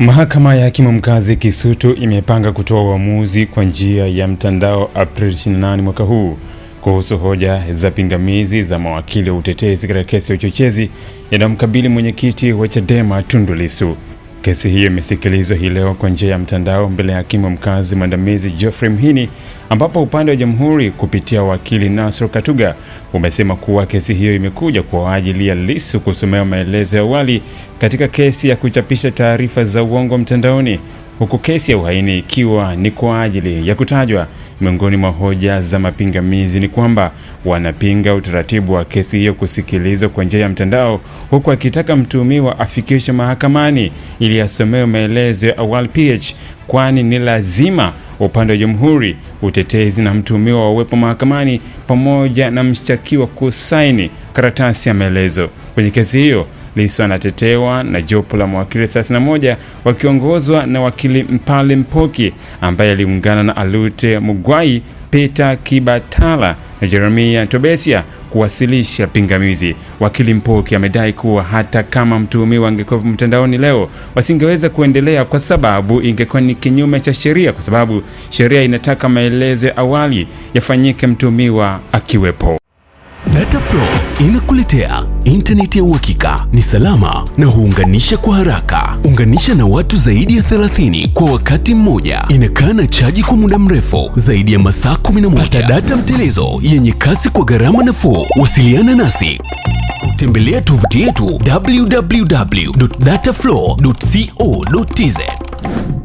Mahakama ya Hakimu Mkazi Kisutu imepanga kutoa uamuzi kwa njia ya mtandao Aprili 28 mwaka huu kuhusu hoja za pingamizi za mawakili wa utetezi katika kesi ya uchochezi yanayomkabili mwenyekiti wa Chadema Tundu Lissu. Kesi hiyo imesikilizwa hii leo kwa njia ya mtandao mbele ya hakimu mkazi mwandamizi Geoffrey Mhini, ambapo upande wa jamhuri kupitia wakili nasro Katuga umesema kuwa kesi hiyo imekuja kwa ajili ya Lissu kusomewa maelezo ya awali katika kesi ya kuchapisha taarifa za uongo mtandaoni huku kesi ya uhaini ikiwa ni kwa ajili ya kutajwa. Miongoni mwa hoja za mapingamizi ni kwamba wanapinga utaratibu wa kesi hiyo kusikilizwa kwa njia ya mtandao, huku akitaka mtuhumiwa afikishwe mahakamani ili asomewe maelezo ya awali PH, kwani ni lazima upande wa jamhuri, utetezi na mtuhumiwa wawepo mahakamani pamoja na mshtakiwa kusaini karatasi ya maelezo kwenye kesi hiyo. Lissu anatetewa na jopo la mawakili 31 wakiongozwa na wakili Mpale Mpoki ambaye aliungana na Alute Mugwai, Peter Kibatala na Jeremia Tobesia kuwasilisha pingamizi. Wakili Mpoki amedai kuwa hata kama mtuhumiwa angekuwa mtandaoni leo, wasingeweza kuendelea kwa sababu ingekuwa ni kinyume cha sheria, kwa sababu sheria inataka maelezo ya awali yafanyike mtuhumiwa akiwepo. Dataflow inakuletea intaneti ya uhakika, ni salama na huunganisha kwa haraka. Unganisha na watu zaidi ya 30 kwa wakati mmoja. Inakaa na chaji kwa muda mrefu zaidi ya masaa 11. Pata data mtelezo yenye kasi kwa gharama nafuu. Wasiliana nasi tembelea tovuti yetu www.dataflow.co.tz.